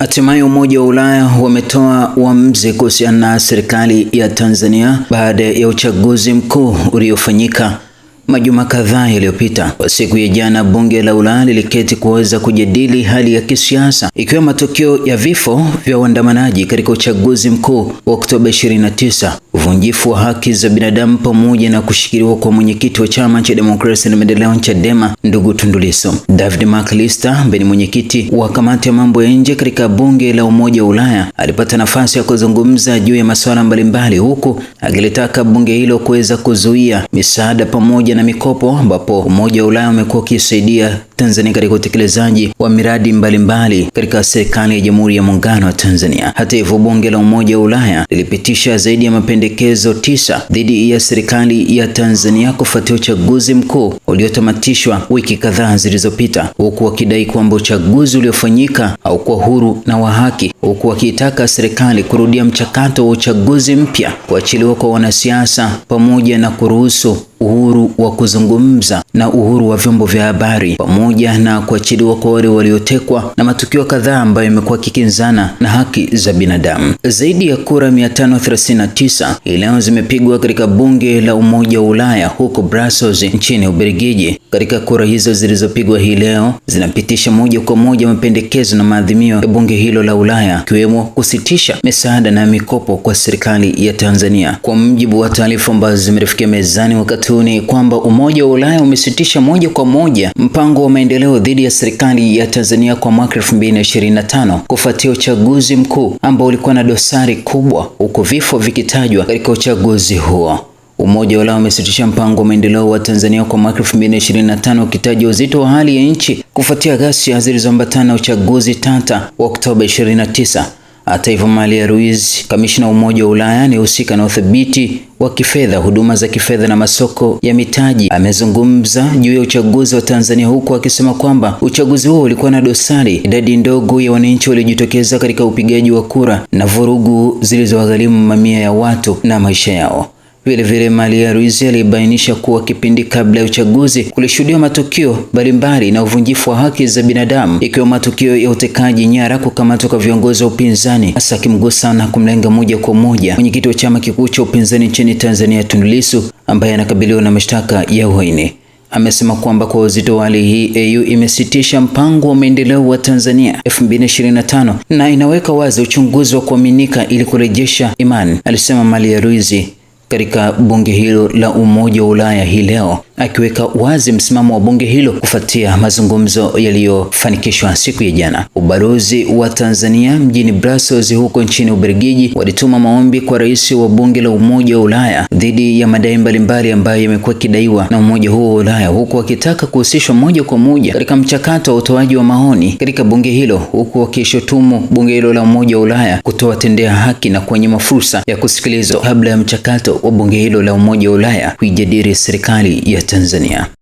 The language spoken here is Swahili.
Hatimaye Umoja wa Ulaya wametoa uamuzi kuhusiana na serikali ya Tanzania baada ya uchaguzi mkuu uliofanyika majuma kadhaa yaliyopita. Kwa siku ya jana, bunge la Ulaya liliketi kuweza kujadili hali ya kisiasa, ikiwa matokeo ya vifo vya waandamanaji katika uchaguzi mkuu wa Oktoba 29 uvunjifu wa haki za binadamu pamoja na kushikiliwa kwa mwenyekiti wa chama cha demokrasia na maendeleo Chadema ndugu Tundu Lissu. David McAllister ambaye ni mwenyekiti wa kamati ya mambo ya nje katika bunge la Umoja wa Ulaya alipata nafasi ya kuzungumza juu ya masuala mbalimbali, huku akilitaka bunge hilo kuweza kuzuia misaada pamoja na mikopo ambapo Umoja wa Ulaya umekuwa ukisaidia Tanzania katika utekelezaji wa miradi mbalimbali katika serikali ya Jamhuri ya Muungano wa Tanzania. Hata hivyo, bunge la Umoja wa Ulaya lilipitisha zaidi ya mapendekezo mapendekezo tisa dhidi ya serikali ya Tanzania kufuatia uchaguzi mkuu uliotamatishwa wiki kadhaa zilizopita, huku wakidai kwamba uchaguzi uliofanyika haukuwa huru na wa haki huku wakiitaka serikali kurudia mchakato wa uchaguzi mpya, kuachiliwa kwa wanasiasa, pamoja na kuruhusu uhuru wa kuzungumza na uhuru wa vyombo vya habari, pamoja na kuachiliwa kwa wale waliotekwa na matukio kadhaa ambayo yamekuwa kikinzana na haki za binadamu. Zaidi ya kura 539 hii leo zimepigwa katika bunge la Umoja wa Ulaya huko Brussels nchini Ubelgiji. Katika kura hizo zilizopigwa hii leo zinapitisha moja kwa moja mapendekezo na maadhimio ya bunge hilo la Ulaya haya ikiwemo kusitisha misaada na mikopo kwa serikali ya Tanzania. Kwa mjibu wa taarifa ambazo zimerifikia mezani wakati huu ni kwamba Umoja wa Ulaya umesitisha moja kwa moja mpango wa maendeleo dhidi ya serikali ya Tanzania kwa mwaka 2025 kufuatia uchaguzi mkuu ambao ulikuwa na dosari kubwa, huku vifo vikitajwa katika uchaguzi huo. Umoja wa Ulaya umesitisha mpango wa maendeleo wa Tanzania kwa mwaka 2025 ukitaja uzito wa hali ya nchi kufuatia ghasia zilizoambatana na uchaguzi tata wa Oktoba 29. Hata hivyo, Malia Ruiz, kamishna wa Umoja wa Ulaya anayehusika na udhibiti wa kifedha, huduma za kifedha na masoko ya mitaji, amezungumza juu ya uchaguzi wa Tanzania huku akisema kwamba uchaguzi huo ulikuwa na dosari, idadi ndogo ya wananchi waliojitokeza katika upigaji wa kura na vurugu zilizowagharimu mamia ya watu na maisha yao. Vilevile ya ruizi alibainisha kuwa kipindi kabla ya uchaguzi kulishuhudiwa matukio mbalimbali na uvunjifu wa haki za binadamu ikiwa matukio ya utekaji nyara, kukamatwa kwa viongozi wa upinzani, hasa akimgusa na kumlenga moja kwa moja mwenyekiti wa chama kikuu cha upinzani nchini Tanzania Tundu Lissu ambaye anakabiliwa na mashtaka ya uhaini. Amesema kwamba kwa uzito wa hali hii AU imesitisha mpango wa maendeleo wa Tanzania 2025 na inaweka wazi uchunguzi wa kuaminika ili kurejesha imani, alisema ya Ruizi katika bunge hilo la Umoja wa Ulaya hii leo akiweka wazi msimamo wa bunge hilo kufuatia mazungumzo yaliyofanikishwa siku ya jana. Ubalozi wa Tanzania mjini Brussels huko nchini Ubelgiji walituma maombi kwa rais wa bunge la Umoja wa Ulaya dhidi ya madai mbalimbali ambayo yamekuwa kidaiwa na umoja huo wa Ulaya, huku wakitaka kuhusishwa moja kwa moja katika mchakato wa utoaji wa maoni katika bunge hilo, huku wakishutumu bunge hilo la Umoja wa Ulaya kutowatendea haki na kuwanyima fursa ya kusikilizwa kabla ya mchakato wa bunge hilo la Umoja wa Ulaya kuijadili serikali ya Tanzania.